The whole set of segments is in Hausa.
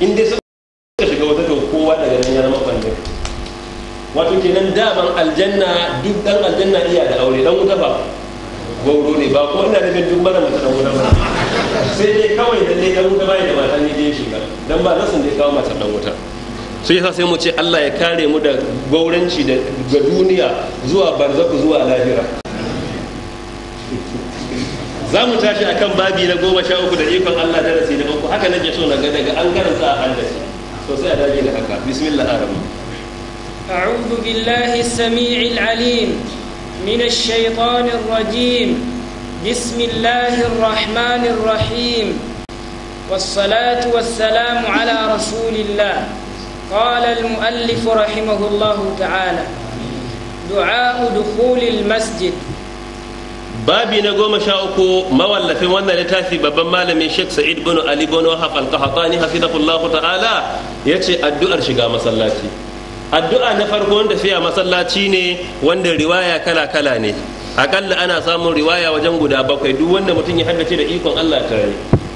in dai suka shiga wata kowa daga nan ya zama ɓangar wato kenan daman aljanna duk dan aljanna iya da aure dan wuta ba gauro ne ba ko ina nufin duk mana mata dan wuta ba sai dai kawai da dai dan wuta ba da matan ne dai shiga dan ba nasin dai kawo mata dan wuta sai yasa sai mu ce Allah ya kare mu da gauranci da duniya zuwa barzaku zuwa lahira za mu tashi akan babi na goma sha uku da ikon Allah darasi na uku haka nake so na ga daga an karanta a haddace to sai a dage da haka bismillah arabu أعوذ بالله السميع العليم من الشيطان الرجيم بسم الله الرحمن الرحيم والصلاة والسلام على رسول الله قال المؤلف رحمه الله تعالى دعاء دخول المسجد babi na goma sha uku mawallafin wannan littafi babban malamin sheikh sa'id bin ali bin wahab al-qahtani hafizahullah ta'ala yace addu'ar shiga masallaci addu'a na farko wanda fiya masallaci ne wanda riwaya kala kala ne akalla ana samun riwaya wajen guda bakwai duk wanda mutum ya haddace da ikon Allah tare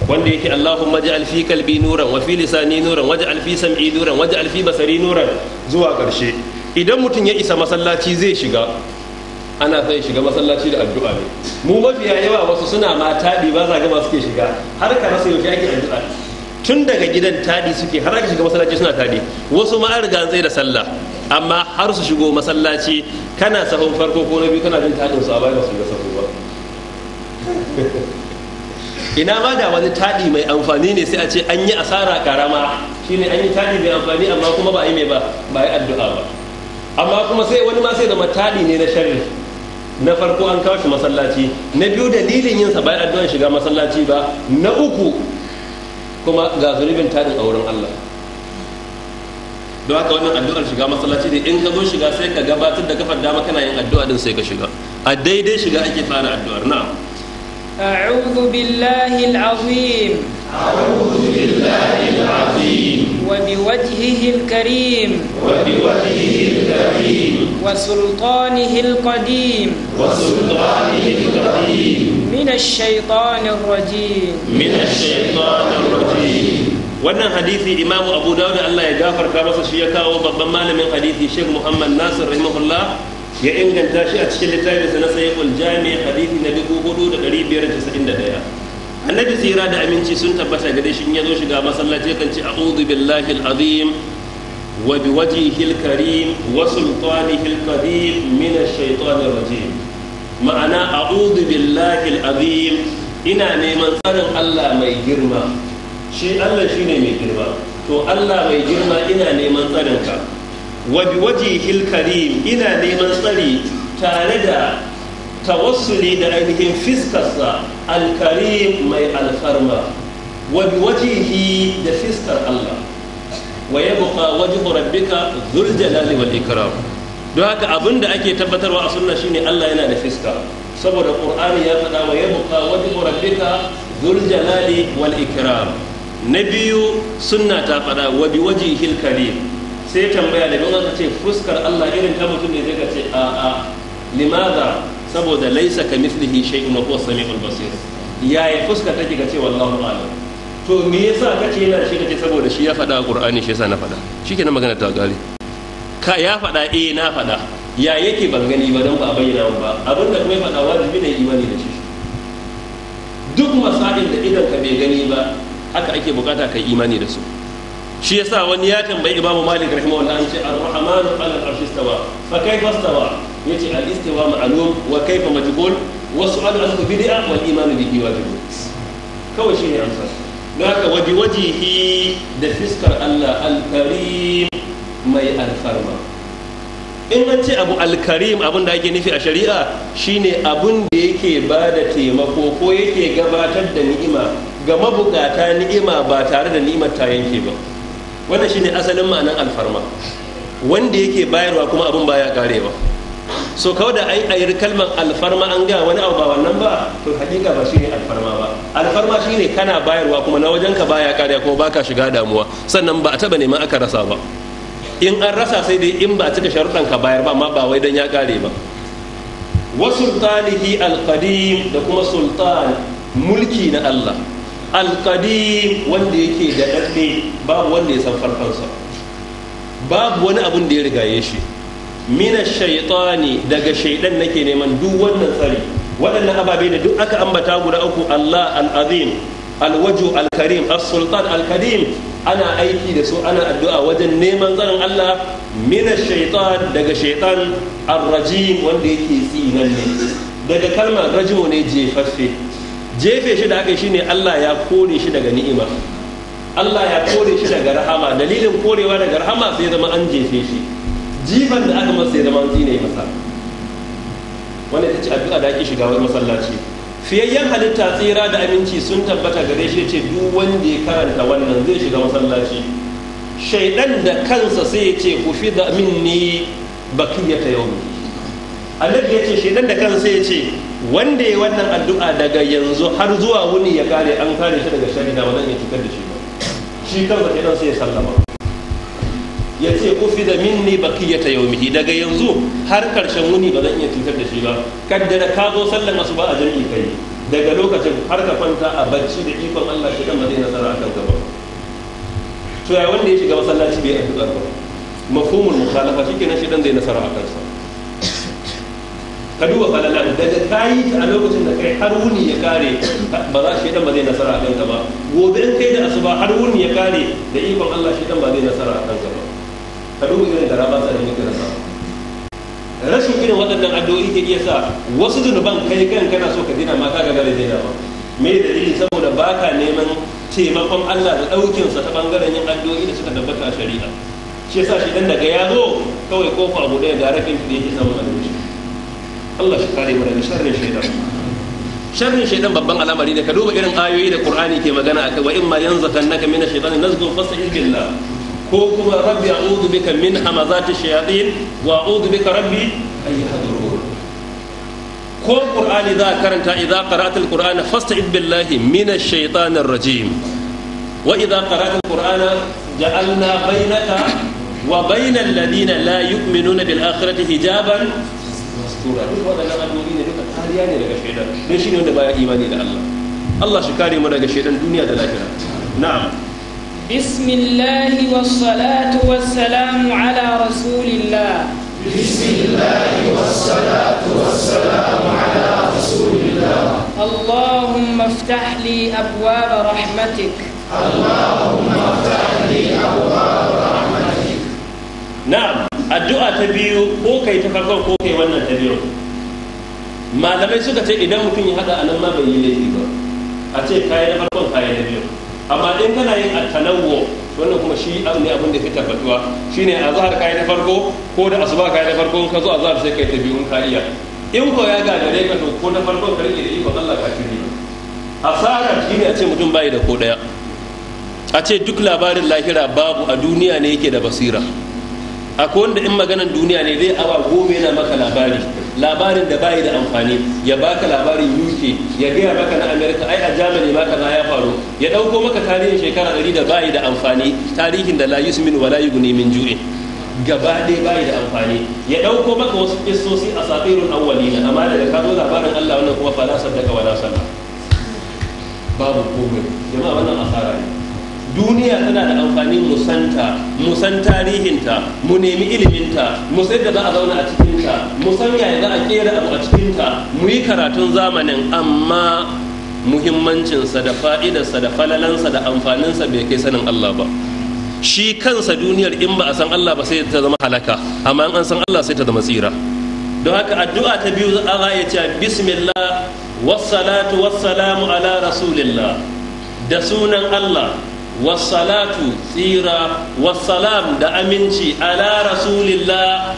wanda yake Allahumma ja'al fi kalbi nuran wa fi lisani nuran waj'al fi sam'i nuran waj'al fi basari nuran zuwa karshe idan mutum ya isa masallaci zai shiga ana son shiga masallaci da addu'a ne mu mafiya yawa wasu suna ma taɗi ba za gama suke shiga har ka rasa yaushe ake addu'a tun daga gidan taɗi suke har ka shiga masallaci suna taɗi wasu ma an riga tsaye da sallah amma har su shigo masallaci kana sahun farko ko na biyu kana jin taɗin su a baya su shiga sahu ba ina ma da wani taɗi mai amfani ne sai a ce an yi asara karama shine an yi taɗi mai amfani amma kuma ba a yi mai ba ba yi addu'a ba amma kuma sai wani ma sai da taɗi ne na sharri na farko an kawo shi masallaci na biyu dalilin yin sa bayan addu'an shiga masallaci ba na uku kuma ga zunubin tarin a wurin Allah don haka wannan addu'ar shiga masallaci ne in ka zo shiga sai ka gabatar da kafar dama kana yin addu'a din sai ka shiga a daidai shiga ake fara addu'ar na a'udhu billahi al a'udhu billahi azim وبوجهه الكريم وبوجهه الكريم وسلطانه القديم وسلطانه القديم من الشيطان الرجيم من الشيطان الرجيم wannan hadisi imamu abu dawud Allah ya gafarta masa shi ya kawo babban malamin hadisi sheikh muhammad nasir rahimahullah ya inganta shi a cikin littafinsa na sayyid jami hadisi na 4591 annabi tsira da aminci sun tabbata gare shi ya zo shiga masallaci kan ci a'udhu billahi al-azim wa wajhihi al-karim wa sultanihi al-qadim min ash-shaytanir rajim ma'ana a'udhu billahi al-azim ina neman tsarin Allah mai girma shi Allah shine mai girma to Allah mai girma ina neman tsarin ka wa wajhihi al-karim ina neman tsari tare da tawassuli da ainihin fiskarsa alkarim mai alfarma wa bi wajihi da fiskar Allah wa yabqa wajhu rabbika dhul wal ikram don haka abin da ake tabbatarwa a sunna shine Allah yana da fiska saboda qur'ani ya faɗa wa yabqa wajhu rabbika dhul wal ikram na biyu sunna ta faɗa wa bi wajhil karim sai tambaya da aka ce fuskar Allah irin ta mutum ne zai ka ce a'a limaza saboda laisa ka mislihi shay'un wa huwa samiul basir yaya fuska take ga cewa Allahu a'lam to me yasa kace yana shi ka ce saboda shi ya faɗa Qur'ani shi yasa na faɗa shi shikenan magana ta gari ka ya faɗa eh na faɗa ya yake ban gani ba dan ba a bayyana ba abinda kuma ya faɗa wajibi ne imani da shi duk masalin da idan ka bai gani ba haka ake bukata kai imani da su shi yasa wani ya tambayi Imam Malik rahimahullah an ce ar-Rahman 'ala al istawa fa kaifa istawa yace al istiwa ma'lum wa kaifa majhul wa su'al an bid'a wal iman bihi wajib kawai shine amsa haka waji wajihi da fiskar Allah al-karim mai alfarma in an ce abu alkarim abun da ake nufi a shari'a shine abun da yake bada taimako ko yake gabatar da ni'ima ga mabukata ni'ima ba tare da ni'imar ta yanke ba wannan shine asalin ma'anar alfarma wanda yake bayarwa kuma abin baya karewa so kawai da ai ayir kalmar alfarma an ga wani abu ba wannan ba to hakika ba shine alfarma ba alfarma shi ne kana bayarwa kuma na wajen ka baya kare kuma baka shiga damuwa sannan ba a taba neman aka rasa ba in an rasa sai dai in ba a cika sharuɗan ka bayar ba amma ba wai dan ya kare ba wa sultanihi alqadim da kuma sultan mulki na Allah alqadim wanda yake da dadde babu wanda ya san farkonsa babu wani abun da ya rigaye shi mina shaitani daga shaidan nake neman duk wannan tsari waɗannan ababe da duk aka ambata guda uku Allah al-azim alwaju al-karim as-sultan al-karim ana aiki da su ana addu'a wajen neman tsarin Allah mina shaitan daga shaitan ar-rajim wanda yake tsinanne daga kalmar rajimo ne jefaffe jefe shi da aka yi shine Allah ya kore shi daga ni'ima Allah ya kore shi daga rahama dalilin korewa daga rahama sai zama an jefe shi jiban da aka masa sai zama an tsine masa wanda ita ce addu'a da ake shiga wani masallaci fiyayyen halitta tsira da aminci sun tabbata gare shi ce duk wanda ya karanta wannan zai shiga masallaci shaidan da kansa sai ya ce ku fi da min minni bakiyata yau annabi ya ce shaidan da kansa sai ya ce wanda ya wannan addu'a daga yanzu har zuwa wuni ya kare an kare shi daga shari da wannan ya cutar da shi ba shi kansa shaidan sai ya sallama ya ce kufi da minni ta yaumihi daga yanzu har karshen wuni ba zan iya cutar da shi ba kaddara ka zo su ba a jirgi kai daga lokacin har ka kwanta a bacci da ikon Allah shi kan zai nasara a kan gaba to ya wanda ya shiga masallaci bai ba mafhumul mukhalafa shi kenan shi dan zai nasara a kansa ka duba falalan daga yi ta a lokacin da kai har wuni ya kare ba za shi dan ba zai nasara a kanka ba gobe in kai da asuba har wuni ya kare da ikon Allah shi dan ba zai nasara a kanka ba ka duba irin da raba tsarin yake nasa rashin irin waɗannan addu'o'i ke iya sa wasu zunuban kai kan kana so ka dina ma ka ga gare daina ba me dalili saboda baka neman taimakon Allah da ɗaukinsa ta bangaren yin addu'o'i da suka tabbata a shari'a shi yasa shi dan daga ya zo kawai kofa guda ga rafin da yake samun addu'o'i Allah shi kare mu daga sharrin shaitan sharrin shaitan babban al'amari ne ka duba irin ayoyi da Qur'ani ke magana akai wa imma yanzakannaka min ash-shaytani nazghun fasta'id billah ko kuma rabbi a'udhu bika min hamazati shayatin wa a'udhu bika rabbi an yahdurun ko Qur'ani za karanta idza qara'atil Qur'ana fasta'id billahi min ash-shaytanir rajim wa idza qara'atil Qur'ana ja'alna bainaka wa bainal ladina la yu'minuna bil hijaban sura duk waɗannan ne duka kariya ne daga shaidan wanda baya imani da Allah Allah shi kare mu daga shaidan duniya da lahira na'am bismillahi wassalatu ala rasulillah bismillahi wassalatu wassalamu ala rasulillah اللهم افتح لي رحمتك اللهم افتح لي رحمتك نعم addu'a ta biyu ko kai ta farkon ko kai wannan ta biyu malamai suka ce idan mutum ya hada anan ma bai yi laifi ba a ce kayi na farkon kayi na biyu amma in kana yin attanawwo wannan kuma shi ne abin da ke tabbatuwa shine a zahar kayi na farko ko da asuba kayi na farko ka zo a zahar sai kai ta biyu ka iya in ko ya gare ka to ko na farkon ka rike da ikon Allah ka shiri asara shine a ce mutum bai da ko daya a ce duk labarin lahira babu a duniya ne yake da basira akwai wanda in maganar duniya ne zai awa goma yana maka labari labarin da bayi da amfani ya baka labarin uk ya gaya maka na Amerika, ai a Jamani ma na ya faru ya dauko maka tarihin shekara ɗari da bayi da amfani tarihin da la wa wala yughni min ju'in gaba dai bayi da amfani ya ɗauko maka wasu kissosi a satirun awwalina amma daga ka zo labarin Allah wannan kuma fa la sadaka wala sallah babu komai jama'a wannan asara ne duniya tana da amfani musanta musan tarihinta mu nemi iliminta mu sai da za a zauna a cikinta mu san yaya za a kera abu a cikinta mu yi karatun zamanin amma muhimmancinsa da fa'idarsa da falalansa da amfaninsa bai kai sanin Allah ba shi kansa duniyar in ba a san Allah ba sai ta zama halaka amma in an san Allah sai ta zama tsira don haka addu'a ta biyu za a ya ce bismillah wassalatu wassalamu ala rasulillah da sunan Allah wassalatu tsira wassalam da aminci ala rasulillah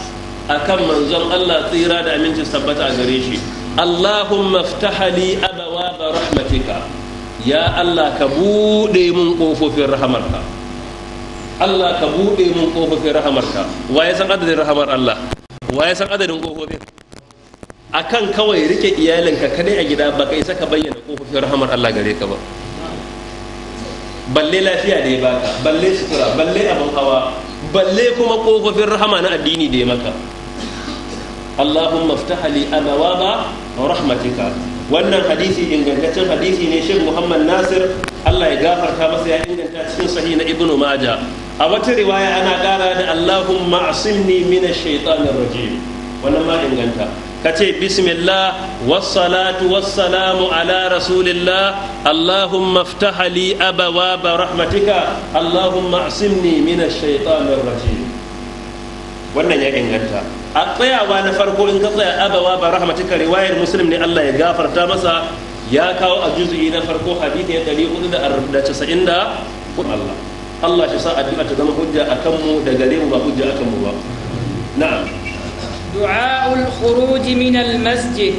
akan manzon Allah tsira da aminci sabbata a gare shi Allahumma ftahali abawa ba rahmatika ya Allah ka buɗe mun ƙofofin rahamarka Allah ka buɗe mun ƙofofin rahamarka wa ya san adadin rahamar Allah wa ya san adadin ƙofofin kan kawai rike iyalinka kadai a gida baka isa ka bayyana ƙofofin rahamar Allah gare ka ba balle lafiya da ya baka balle sutura balle abin hawa balle kuma kofofin rahama na addini da ya maka Allahumma aftaha li abawaba rahmatika wannan hadisi ingantaccen hadisi ne Sheikh Muhammad Nasir Allah ya gafarta masa ya inganta cikin sahi na Ibn Majah a wata riwaya ana ƙara da Allahumma asilni minash shaitanir rajim wannan ma inganta ka ce bismillah wassalatu wassalamu ala rasulillah allahumma aftaha li abawa ba rahmatika allahumma asimni min ash-shaytanir wannan ya inganta a tsayawa na farko in ka tsaya abawa ba rahmatika riwayar muslim ne Allah ya gafarta masa ya kawo a juz'i na farko hadisi ya da. Allah Allah shi sa addu'a ta zama hujja akan mu da gare mu ba hujja akan mu ba na'am du'a al-khuruj min masjid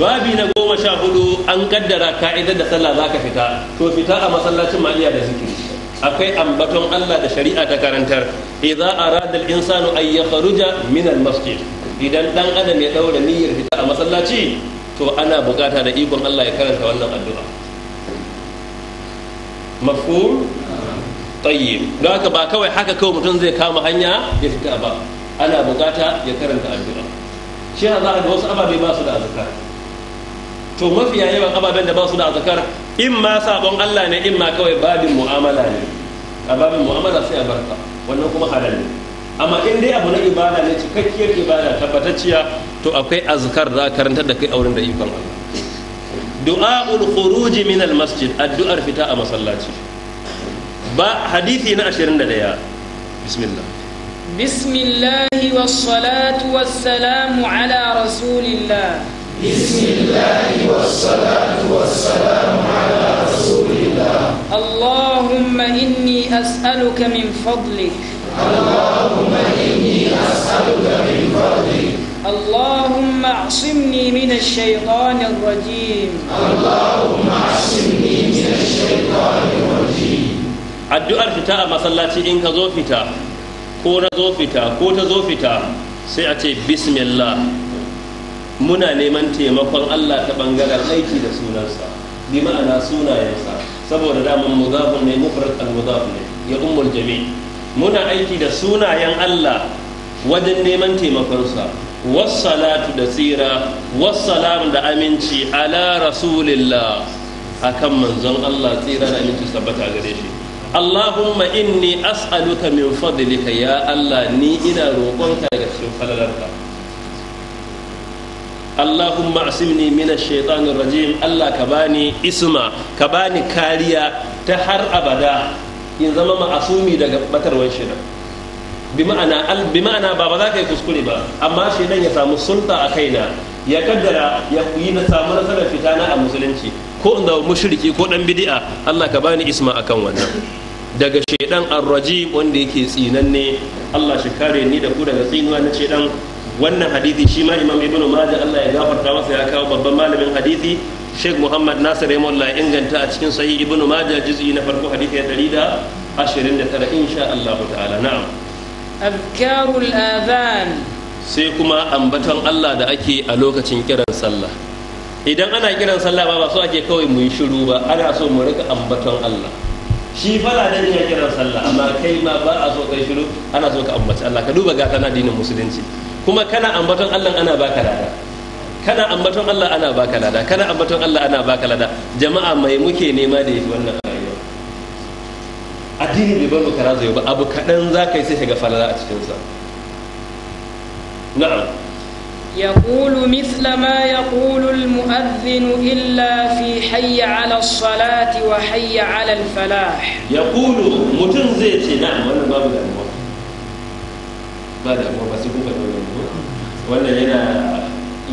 babi na goma sha hudu an kaddara ka'idar da sallah zaka fita to fita a masallacin maliya da zikiri akwai ambaton Allah da shari'a ta karantar idan arada al-insanu ay yakhruja min al-masjid idan dan adam ya daura niyyar fita a masallaci to ana bukata da ikon Allah ya karanta wannan addu'a mafhum tayyib don haka ba kawai haka kawai mutum zai kama hanya ya fita ba ana bukata ya karanta addu'a shi za a da wasu ababe ba su da azkar to mafiya yawan ababen da ba su da azkar in ma sabon Allah ne in ma kawai babin mu'amala ne a babin mu'amala sai a barka wannan kuma halal ne amma in dai abu na ibada ne cikakkiyar ibada tabbatacciya to akwai azkar za karanta da kai auren da ikon Allah du'a'ul khuruj min al masjid addu'ar fita a masallaci ba hadisi na 21 bismillah بسم الله والصلاة والسلام على رسول الله بسم الله والصلاة والسلام على رسول الله اللهم إني أسألك من فضلك اللهم إني أسألك من فضلك اللهم اعصمني من الشيطان الرجيم اللهم اعصمني من الشيطان الرجيم الدعاء فتاة مصلاتي إنك ذو ko na zo fita ko ta zo fita sai a ce bismillah muna neman taimakon Allah ta bangaren aiki da sunansa bi ma'ana sunayensa saboda daman mudafun ne mufrad al mudaf ne ya ummul jami muna aiki da sunayen Allah wajen neman taimakonsa wassalatu da tsira salam da aminci ala rasulillah akan manzon Allah tsira da aminci sabbata gare shi Allahumma inni as'aluka min fadlika ya Allah ni ina roƙonka daga cikin falalarka Allahumma asimni min ash-shaytanir rajim Allah ka bani isma ka bani kariya ta har abada in zama ma'asumi daga batarwan shirin bi ma'ana ba ba za ka yi kuskure ba amma shaidan ya samu sulta a kaina ya kaddara ya yi na samu nasarar fitana a musulunci ko in zama mushriki ko dan bid'a Allah ka bani isma akan wannan daga shaidan arrajim wanda yake tsinanne Allah shi kare ni da ku daga tsinuwa na shaidan wannan hadisi shi ma imam ibnu majah Allah ya gafarta masa ya kawo babban malamin hadithi Sheikh Muhammad Nasir Yamullah inganta a cikin sahih ibnu majah juz'i na farko hadisi ya tara, insha Allah ta'ala na'am azkarul adhan sai kuma ambaton Allah da ake a lokacin kiran sallah idan ana kiran sallah ba ba so ake kawai mu yi shiru ba ana so mu rika ambaton Allah shi fala da ya kiran sallah amma kai ma ba a so kai shiru ana so ka ambaci Allah ka duba ga kana dinin musulunci kuma kana ambaton Allah ana baka lada kana ambaton Allah ana baka lada kana ambaton Allah ana baka lada jama'a mai muke nema da yi wannan rayuwa addini bai bar kara zai ba abu kadan zakai sai ka ga falala a cikin sa na'am يقول مثل ما يقول المؤذن إلا في حي على الصلاة وحي على الفلاح يقول متنزيت نعم ولا ما بدأ ba da kuma ba su kuka dole ko wannan yana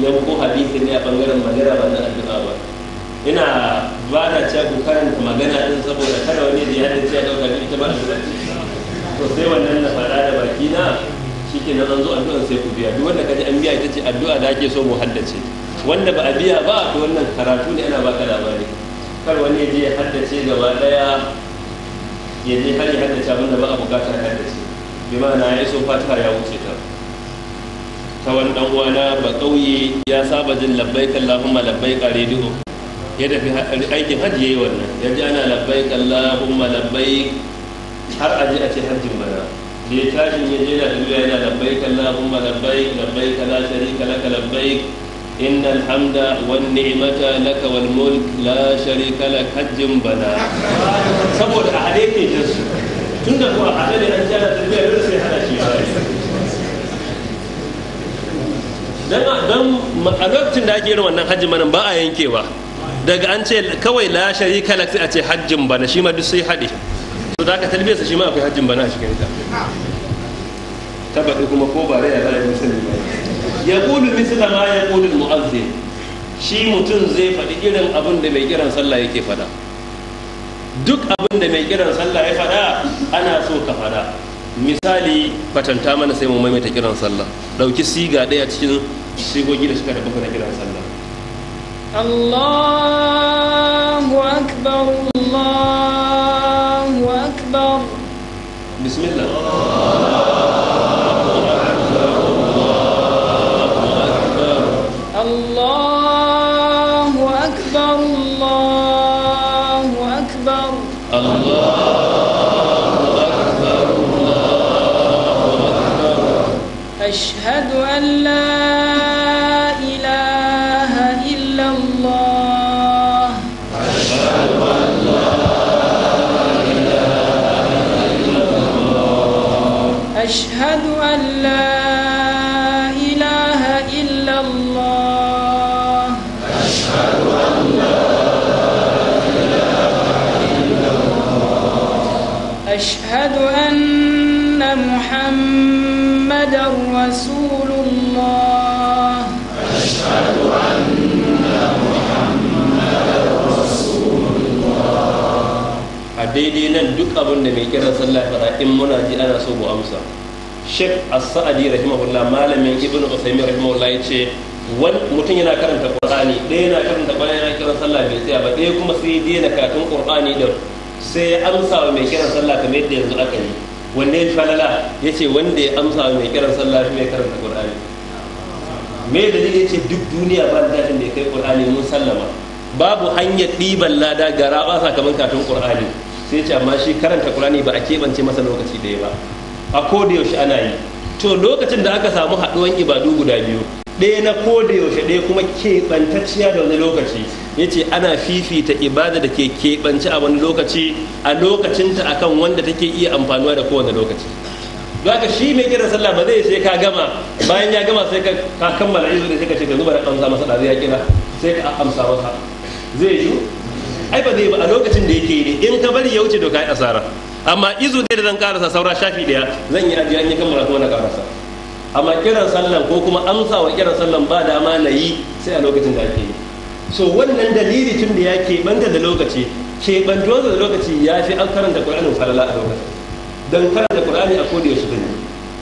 yanko hadisi ne a bangaren magana ba na addu'a ba ina ba da karanta magana din saboda kada wani da ya dace ya dauka ita ba sai wannan na fara da baki na ke na zanzo addu'an sai ku biya duk wanda kaji an biya ita ce addu'a da ake so mu haddace wanda ba a biya ba to wannan karatu ne ana baka labari kar wani ya je ya haddace gaba daya ya je har ya haddace abin da ba a bukatar haddace bi ma'ana ya so fatiha ya wuce ta ta wani dan uwana ba kauye ya saba jin labbaik allahumma labbaik a rediyo ya tafi aikin hajji yayi wannan ya ji ana labbaik allahumma labbaik har aji a ce hajjin bana da ya tashi ya je da duniya yana labbaik allahumma labbaik labbaik la sharika laka labbaik إن الحمد والنعمة لك والملك لا شريك لك حج بلا سبب أحاديث جس تند هو أحد الأنجيل الذي يرسل هذا الشيء dan dan a lokacin da ake yin wannan hajji manan ba a yankewa daga an ce kawai la sharika a ce hajjin bana shi ma duk sai haɗe to za ka sa shi ma akwai hajjin bana a cikin ita tabbata kuma ko ba rai a rai musulmi ba ya kulu misla ma ya kulu mu'azze shi mutum zai faɗi irin abin da mai kiran sallah yake faɗa duk abin da mai kiran sallah ya faɗa ana so ka faɗa misali fatanta mana sai mu maimaita kiran sallah ɗauki siga ɗaya cikin sigogi da suka da na kiran sallah Allahu akbar Allahu akbar أكبر بسم الله الله أكبر الله أكبر الله أكبر الله أكبر الله أكبر الله أكبر أشهد أن لا وأشهد أن محمدا رسول الله أشهد أن محمدا رسول الله أديدي نن دك أبن نبي كرا صلى الله عليه إن منا جي أنا سوبو أمسا شيخ السعدي رحمه الله مالم ابن عثيمين رحمه الله يتشي wani mutum yana karanta qur'ani ɗaya yana karanta qur'ani yana kiran sallah bai tsaya ba ɗaya kuma sai daina katun qur'ani din sai ya amsa wa mai kiran sallah kamar yadda yanzu aka yi wanne ya falala ya ce wanda ya amsa wa mai kiran sallah shi mai karanta qur'ani me da ya ce duk duniya ba da da kai qur'ani mun sallama babu hanyar ɗiban lada gara ba sakamakon kafin qur'ani sai ce amma shi karanta qur'ani ba a keɓance masa lokaci ɗaya ba a koda yaushe ana yi to lokacin da aka samu haɗuwan ibadu guda biyu ɗaya na koda yaushe ɗaya kuma keɓantacciya da wani lokaci ya ce ana fifita ibada da ke keɓance a wani lokaci a lokacinta a kan wanda take iya amfanuwa da kowane lokaci ba haka shi mai kira sallah ba zai sai ka gama bayan ya gama sai ka kammala da sai ka ce ka zuba da amsa masa da ya kira sai ka amsa masa zai yi ai ba zai ba a lokacin da yake ne in ka bari ya wuce doka ka yi asara amma izu ɗaya da zan karasa saura shafi ɗaya zan yi ajiya in ya kammala kuma na karasa amma kiran sallan ko kuma amsa wa kiran sallan ba dama na yi sai a lokacin da ake yi so wannan dalili tun da ya keɓanta da lokaci keɓantuwa da lokaci ya fi an karanta ƙur'anin falala a lokacin don karanta ƙwararri a kodiyar su gani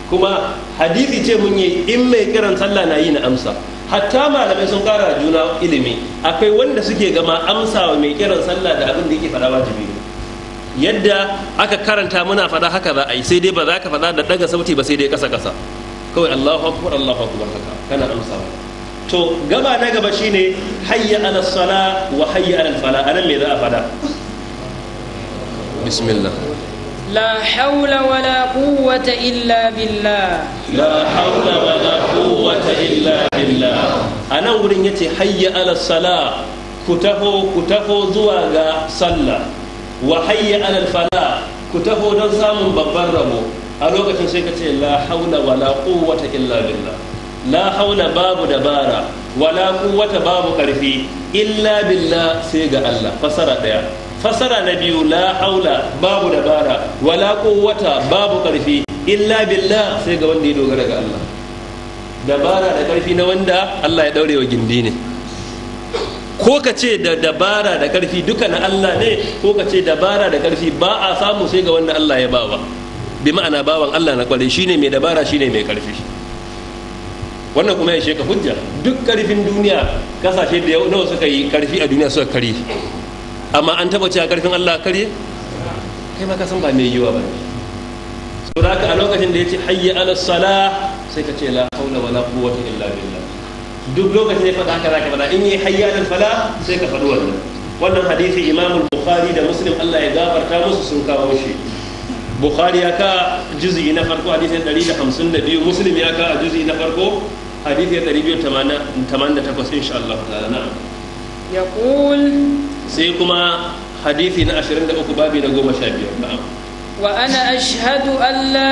kuma hadisi ce mun yi in mai kiran sallah na yi na amsa hatta malamai sun kara juna ilimi akwai wanda suke gama amsa wa mai kiran sallah da abin da yake faɗa wajibi yadda aka karanta muna faɗa haka za a yi sai dai ba za ka faɗa da ɗaga sauti ba sai dai ƙasa ƙasa kawai Allahu akbar Allahu akbar haka kana amsawa to gaba na gaba ne hayya ala sala wa hayya ala fala anan mai za a fada bismillah لا حول ولا illa إلا La haula حول ولا قوة إلا بالله أنا wurin yace hayya ala sala ku taho ku taho zuwa ga sallah wa hayya ala fala ku taho don samun babban rabo a lokacin sai ka ce la haula wala quwwata illa billah la haula babu dabara wala quwwata babu karfi illa billah sai ga Allah fasara daya fasara na biyu la haula babu dabara wala quwwata babu karfi illa billah sai ga wanda ya dogara ga Allah dabara da karfi na wanda Allah ya daure wa gindi ne ko ka ce da dabara da karfi duka na Allah ne ko ka ce dabara da karfi ba a samu sai ga wanda Allah ya bawa bi ma'ana bawan Allah na kwarai shine mai dabara shine mai karfi wannan kuma ya sheka hujja duk karfin duniya kasashe da nawa suka yi karfi a duniya suka kari amma an taba cewa karfin Allah kare kai ma ka san ba mai yiwa ba so da a lokacin da ce hayya ala sala sai ka ce la haula wala quwwata illa billah duk lokacin da ya faɗa ka zaka faɗa in yi hayya ala sala sai ka faɗi wannan wannan hadisi imamul bukhari da muslim Allah ya gafarta musu sun kawo shi bukhari ya ka juzi na farko hadisin 152 muslim ya ka a juzi na farko hadisin 288 insha Allah ta'ala na yaqul sai kuma hadisi na 23 babi na 15 na'am wa ana ashhadu an la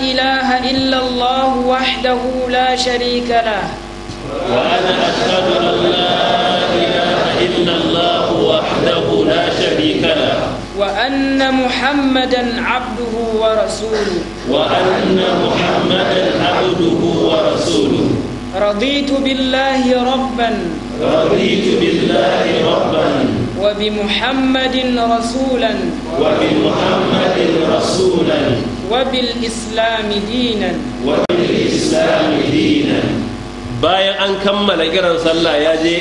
ilaha illa Allah wahdahu la sharika wa ana ashhadu an la illa Allah wahdahu la sharika وأن محمدا عبده ورسوله وأن محمدا عبده ورسوله رضيت بالله ربا رضيت بالله ربا وبمحمد رسولا وبمحمد رسولا وبالإسلام دينا وبالإسلام دينا bayan أن كمل kiran sallah يا جي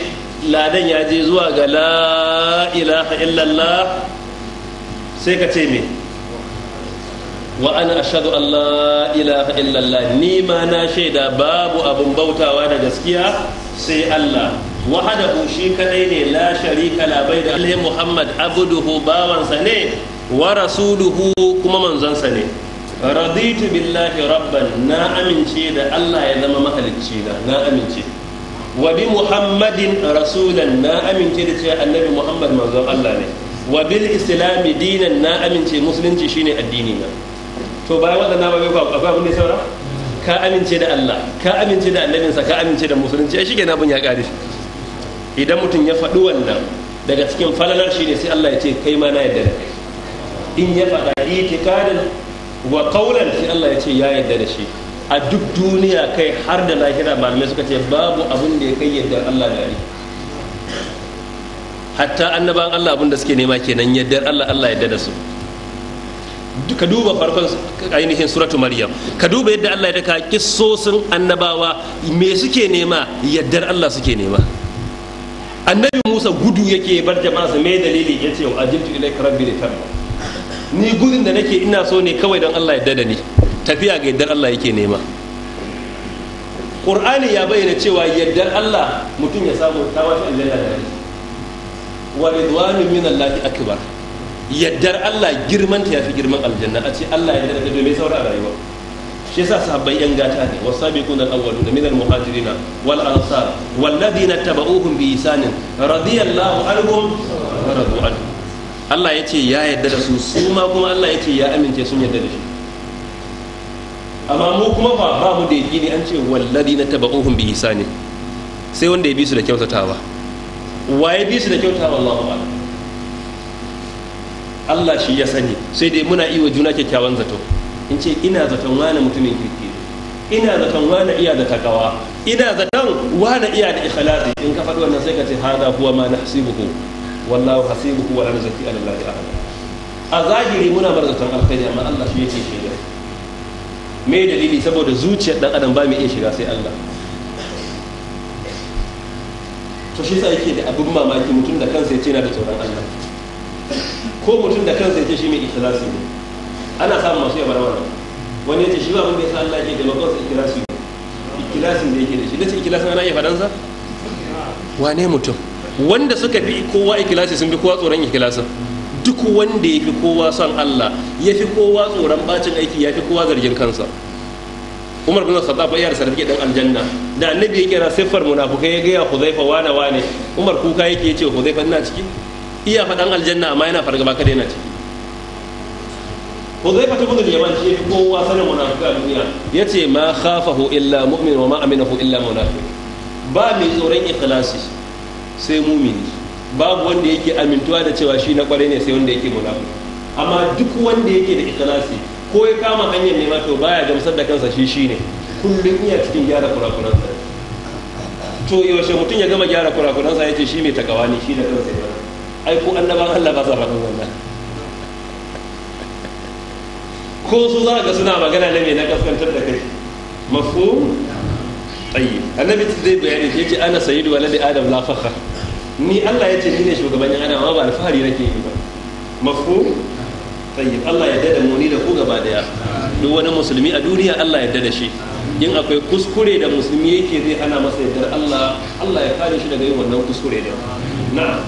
لا دنيا جي zuwa لا إله إلا الله sai ka ce me wa ana ashadu Allah ilaha illallah ni ma na shaida babu abun bautawa da gaskiya sai Allah wahadahu shi kadai ne la sharika la bai da alai Muhammad abduhu bawansa ne wa rasuluhu kuma manzansa ne raditu billahi rabban na amince da Allah ya zama mahalicci na na amince wa bi Muhammadin rasulan na amince da cewa annabi Muhammad manzon Allah ne wa bil islami dinan na amince musulunci shine addini na to bayan waɗannan ba bai akwai abin ne saura ka amince da Allah ka amince da annabinsa ka amince da musulunci ai shike bun ya kare idan mutum ya faɗi wannan daga cikin falalar shine sai Allah ya ce kai ma na yarda da kai in ya faɗa itikadan wa qawlan sai Allah ya ce ya yarda da shi a duk duniya kai har da lahira malamai suka ce babu abin da ya kai yadda Allah da hatta annaban Allah abinda suke nema kenan yadda Allah Allah yadda da su ka duba farkon ainihin suratu maryam ka duba yadda Allah ya daka kissosin annabawa me suke nema yadda Allah suke nema annabi Musa gudu yake bar jama'a su me dalili yace wa ajibtu ilayka rabbi litarda ni gudun da nake ina so ne kawai don Allah yadda da ni tafiya ga yadda Allah yake nema Qur'ani ya bayyana cewa yadda Allah mutum ya samu tawafi aljanna da wa ridwanu min Allah akbar yaddar Allah girman ta yafi girman aljanna a ce Allah ya yarda da mai saura a rayuwa shi yasa sahabbai yan gata ne wasabiqun al-awwalun min al-muhajirin wal ansar wal ladina tabauhum bi isan radiyallahu anhum wa radu anhu Allah ya ce ya yarda da su su ma kuma Allah ya ce ya amince sun yarda da shi amma mu kuma ba ba mu da ne an ce wal ladina tabauhum bi isan sai wanda ya bi su da kyautatawa waye bi su da kyauta wallahu a'lam Allah shi ya sani sai dai muna iya juna kyakkyawan zato in ce ina zaton wani mutumin kirki ina zaton wani iya da takawa ina zaton wani iya da ikhlasi in ka faɗi wannan sai ka ce hada huwa ma nahsibuhu wallahu hasibuhu wa la ala allahi ahada a zahiri muna bar zaton alkhairi amma Allah shi yake shiga me dalili saboda zuciyar dan adam ba mai iya shiga sai Allah to shi sa yake da abin mamaki mutum da kansa ya yana da tsoron Allah ko mutum da kansa ya shi mai ikhlasi ne ana samun masu yabar wannan wani ya shi ba mun da yasa Allah yake da makonsa ikhlasi ikhlasin da yake da shi nace ikhlasin ana iya fadansa wane mutum wanda suka fi kowa ikhlasi sun bi kowa tsoron ikhlasin duk wanda ya fi kowa son Allah ya fi kowa tsoron bacin aiki ya fi kowa zargin kansa umar bin khattab ya da sarfike dan aljanna da annabi ya kira siffar munafukai ya gaya huzaifa wane wane umar kuka yake ya ce huzaifa ina ciki iya faɗan aljanna amma yana baka kada yana ciki huzaifa ta gudun yaman shi fi kowa sanin munafuka a duniya ya ce ma khafahu illa mu'min wa ma aminahu illa munafiq ba mai tsoron ikhlasi sai mumini babu wanda yake amintuwa da cewa shi na kware ne sai wanda yake munafiki amma duk wanda yake da ikhlasi ko ya kama hanyar nema to baya gamsar da kansa shi shine kullum iya cikin gyara kurakuransa to yaushe mutum ya gama gyara kurakuransa ya ce shi mai takawa ne shi da kansa ya ai ko annaban Allah ba sa faɗin wannan ko su za ga suna magana na mai na kaskantar da kai mafu tayyib annabi zai bayani ya ce ana sayyidu waladi adam la fakha ni Allah ya ce ni ne shugaban adam amma ba alfahari nake yi ba mafhum tayyib Allah ya dada mu ni da ku gaba daya duk wani musulmi a duniya Allah ya dada shi in akwai kuskure da musulmi yake zai hana masa yardar Allah Allah ya kare shi daga yin wannan kuskure da na'am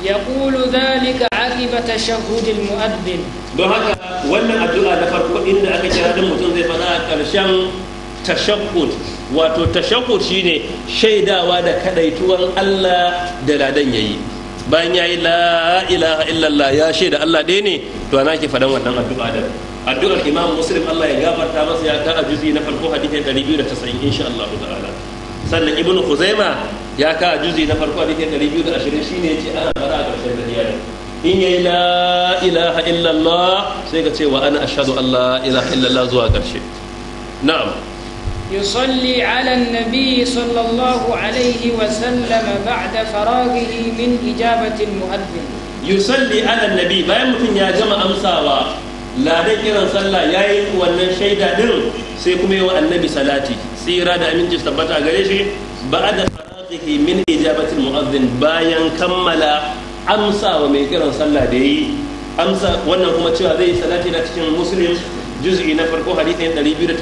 yaqulu dhalika aqiba tashahhud almu'adhdhin don haka wannan addu'a da farko inda aka kira din mutum zai faɗa a ƙarshen tashahhud wato tashahhud shine shaidawa da kadaituwan Allah da ladan yayi bayan ya yi la ilaha illallah ya shaida Allah ɗaya ne to ana ke faɗan wannan addu'a da addu'ar imam muslim Allah ya gafarta masa ya ka a juzi na farko biyu hadisin 290 insha Allah ta'ala sannan ibnu khuzaima ya ka a juzi na farko biyu hadisin 220 shine yace ana fara a ƙarshen dariya in ya yi la ilaha illallah sai ka ce wa ana ashadu allah la ilaha illallah zuwa ƙarshe na'am يصلي على النبي صلى الله عليه وسلم بعد فراغه من إجابة المؤذن يصلي على النبي bayan mutum ya gama amsawa ladan kiran sallah yayi wannan shaida din sai kuma yi wa annabi salati tsira da aminci tabbata gare shi ba'da faragihi min ijabati mu'adhdhin bayan kammala amsa wa mai kiran sallah da yi amsa wannan kuma cewa zai yi salati na cikin muslim juz'i na farko hadithin 288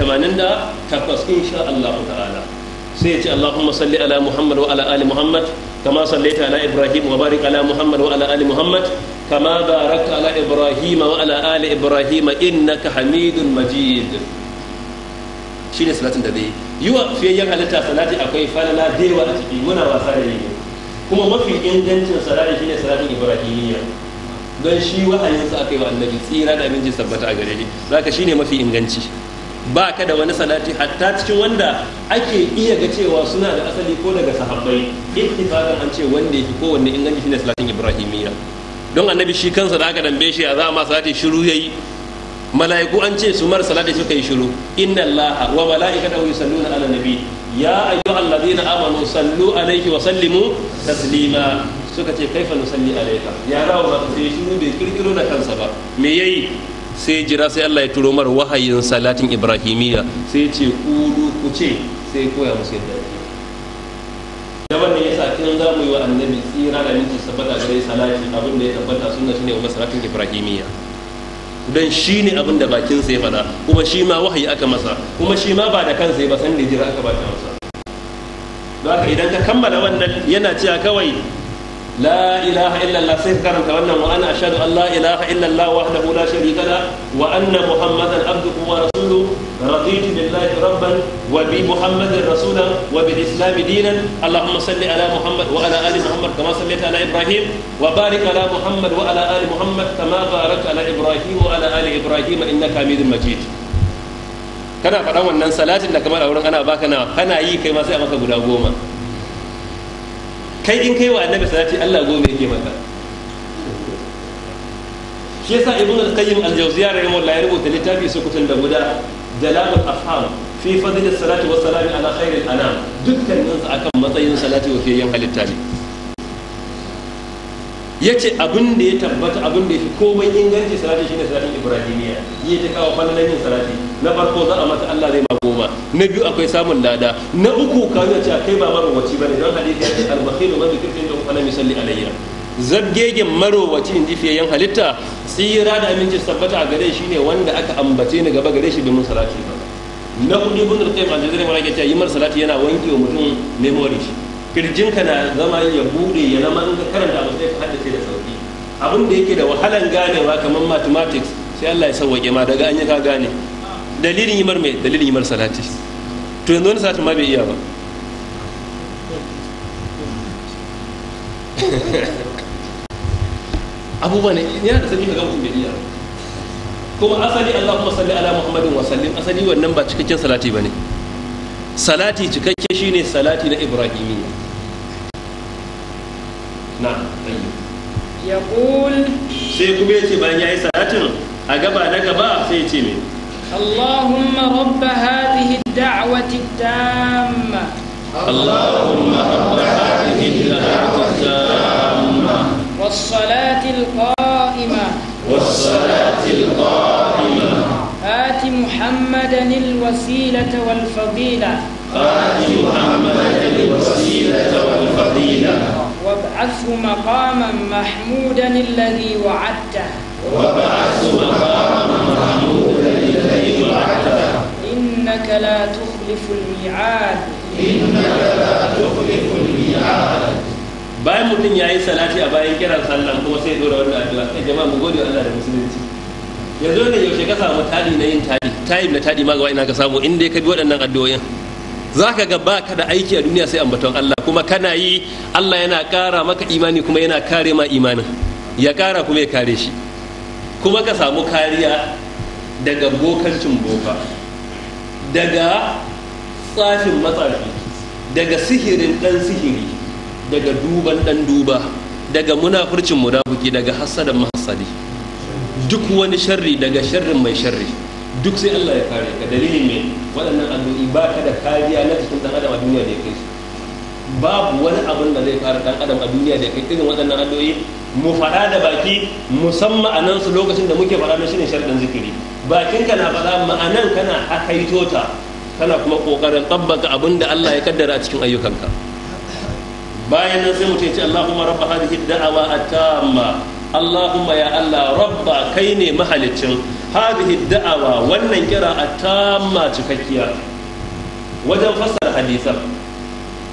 insha Allah ta'ala sai ya ce Allahumma salli ala Muhammad wa ala ali Muhammad kama sallaita ala Ibrahim wa barik ala Muhammad wa ala ali Muhammad kama barakta ala Ibrahim wa ala ali Ibrahim innaka Hamidun Majid shine salatin da zai yi wa fiyayyen halitta salati akwai falala da yawa a ciki muna wasa da yake kuma mafi ingancin salati shine salatin Ibrahimiyya don shi wahayinsa aka yi wa annabi tsira da abinci sabbata a gare shi zaka shine mafi inganci ba ka da wani salati hatta cikin wanda ake iya ga cewa suna da asali ko daga sahabbai ittifaqan an ce wanda yake kowanne inganci shine salatin ibrahimiyya don annabi shi kansa da aka dambe shi a za ma salati shiru yi. mala'iku an ce su mar salati suka yi shiru inna allaha wa mala'ikatahu yusalluna ala nabi ya ayyuhallazina amanu sallu alaihi wa sallimu taslima suka ce kaifa nusalli alaika ya rawo ba sai shi bai kirkiro da kansa ba me yayi sai jira sai Allah ya turo mar wahayin salatin ibrahimiyya sai ya ce kudu ku ce sai koya musu yadda Da ne yasa kin za mu yi wa annabi tsira da minti sabata gare salati abin da ya tabbata sunna shine wa salatin ibrahimiyya dan shi ne abin da bakin sai fada kuma shi ma wahayi aka masa kuma shi ma ba da kansa ba san da jira aka ba ta masa don haka idan ka kammala wannan yana cewa kawai la ilaha sai ka karanta wannan wa ana ashhadu an la ilaha illallah wahdahu la sharika majid kana faɗan wannan salatin da kamar ana kana yi kai maka guda goma kai in kai wa annabi salati Allah goma yake maka shi yasa ibnu al-qayyim al-jawziyya rahimahullah ya rubuta littafi sukutul da dalalul afham fi fadl as-salati was-salam ala khairil anam dukkan nan akan matsayin salati wa fiyyan halitta ne ya ce abin da ya tabbata abin da ya fi komai inganci salati shine salatin ibrahimiya iya ta kawo fannin yin salati na farko za a mata Allah zai ma goma na biyu akwai samun lada na uku ka yi ce kai ba marowaci ba ne don hadisi ya ce albakhilu man dhikrin lahu fala yusalli alayya zabgegen marowaci in ji fiyayyen halitta tsira da aminci sabbata a gare shi ne wanda aka ambace ni gaba gare shi domin salati ba na hudu ibn al-qayyim al-jazari ma yake cewa yi mar salati yana wanke wa mutum memory shi kirjinka na zama ya bude ya zama in ka karanta abu sai ka haddace da sauki abin da yake da wahalan ganewa kamar mathematics sai Allah ya sauwaƙe ma daga an yi ka gane dalilin yimar mai dalilin yimar salati to yanzu wani sati ma bai iya ba abubuwa ne yana da sani ka gamsu bai iya kuma asali Allahumma salli ala Muhammadin wa sallim asali wannan ba cikakken salati bane salati cikakke shine salati na Ibrahimiyya na tayyib yaqul sai kuma yace bayan yayi salatin a gaba na gaba sai yace me اللهم رب هذه الدعوة التامة اللهم رب هذه الدعوة التامة والصلاة القائمة والصلاة القائمة آت محمدا الوسيلة والفضيلة آت محمدا الوسيلة والفضيلة وابعثه مقاما محمودا الذي وعدته وابعثه مقاما محمودا الذي وعدته إنك لا تخلف الميعاد إنك لا تخلف الميعاد bayan mutum ya yi salati a bayan kiran sallan kuma sai dora wannan addu'a kai jama'a mu gode Allah da musulunci yanzu ne yaushe ka samu tali na yin Tadi, Tayim na Tadi ma ga ina ka samu inda ka bi waɗannan addu'o'in za ka ga baka da aiki a duniya sai ambaton Allah kuma kana yi Allah yana kara maka imani kuma yana kare ma imanin ya kara kuma ya kare shi kuma ka samu kariya daga bokancin boka daga tsafin matsafi daga sihirin ɗan sihiri daga duban ɗan duba daga munafurcin munafuki daga hassadan mahassadi duk wani sharri daga sharrin mai sharri duk sai Allah ya kare ka dalilin me waɗannan addu'o'i ba ka da kariya na cikin dan adam a duniya da ya kai su babu wani abin da zai fara dan adam a duniya da ya kai irin waɗannan addu'o'i mu faɗa da baki musamman a nan su lokacin da muke faɗa na shine sharɗin zikiri bakin ka na faɗa ma'anan kana hakaito ta kana kuma ƙoƙarin tabbaka abin da Allah ya kaddara a cikin ayyukanka bayan nan sai mutum ya ce Allahumma rabba hadhihi da'awa at-tamma Allahumma ya Allah rabba kai ne mahaliccin hadhihi da'awa wannan kira a tamma cikakkiya wajen fassara hadisan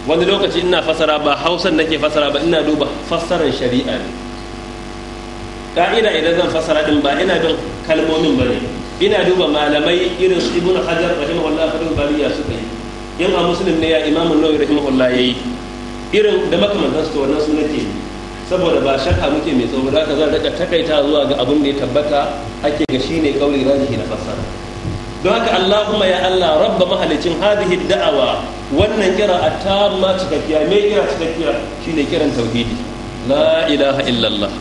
wani lokaci ina fassara ba hausan nake fassara ba ina duba fassarar shari'a ne ka'ida idan zan fassara din ba ina bin kalmomin ba ne ina duba malamai irin su ibn hajar rahimahullah fadin baliya suka yi in a muslim ne ya imamun nawawi rahimahullah yayi irin da makamantan su to wannan su nake yi saboda ba shakka muke mai tsawo za ka zan daga takaita zuwa ga abin da ya tabbata ake ga shine kauli rajihi na fassara don haka Allahumma ya Allah rabba mahalicin hadihi da'awa wannan kira a tamma cikakkiya mai kira cikakkiya shine kiran tauhidi la ilaha illallah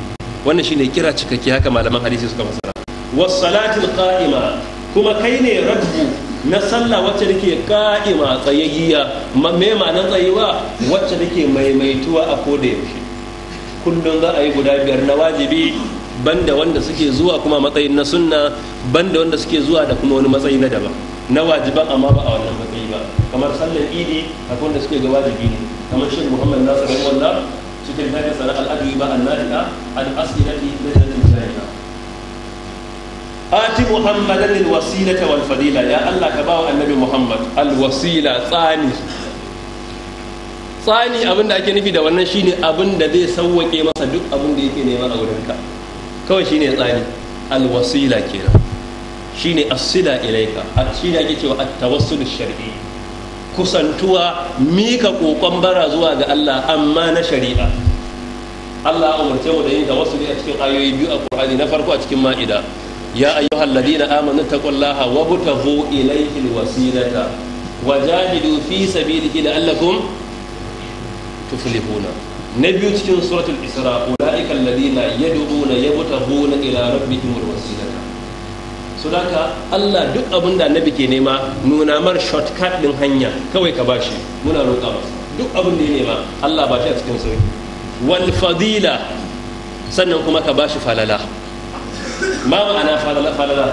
wannan shine kira cikakkiya haka malaman hadisi suka fassara was alqaima kuma kai ne rabbu na sallah wacce take qa'ima tsayayya mai ma'anar tsayuwa wacce take maimaituwa a koda yaushe kullum za a yi guda biyar na wajibi banda wanda suke zuwa kuma matsayin na sunna banda wanda suke zuwa da kuma wani matsayi na daban na wajiban amma ba a wannan matsayi ba kamar sallar idi a wanda suke ga wajibi ne kamar shi muhammad wanda suke cikin tafi sana al'adu ba an nadi'a an asilati na jannatin jahila ati muhammadan wasila wal fadila ya allah ka ba wa annabi muhammad alwasila tsani tsani abin da ake nufi da wannan shine abin da zai sauwaƙe masa duk abin da yake nema a wurinka kawai shine tsani alwasila kenan shine asila ilaika shine ake cewa at-tawassul shar'i kusantuwa mika kokon bara zuwa ga Allah amma na shari'a Allah umarce mu da yin tawassuli a cikin ayoyi biyu a Qur'ani na farko a cikin Ma'ida ya ayyuhal ladina amanu taqullaha wa butaghu ilayhi alwasilata wajahidu fi sabilihi la'allakum tuflihuna na biyu cikin suratul isra ulaika alladhina yad'una yabtaghuna ila rabbihimul wasilata so haka Allah duk abin da annabi ke nema nuna mar shortcut din hanya kawai ka bashi muna roƙa masa duk abin da ya nema Allah ba shi a cikin sauki wal fadila sannan kuma ka bashi falala ma ma'ana falala falala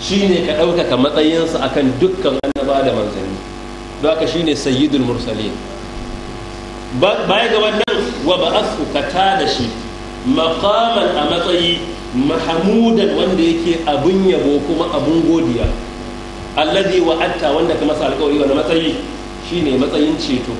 shine ka ɗaukaka matsayinsa akan dukkan annaba da manzanni don shi ne sayyidul mursali baya ga wannan wa ba'athu ka da shi maqaman a matsayi mahamudan wanda yake abun yabo kuma abun godiya allazi wa'atta wanda ka masa alƙawari wani matsayi shine matsayin ceto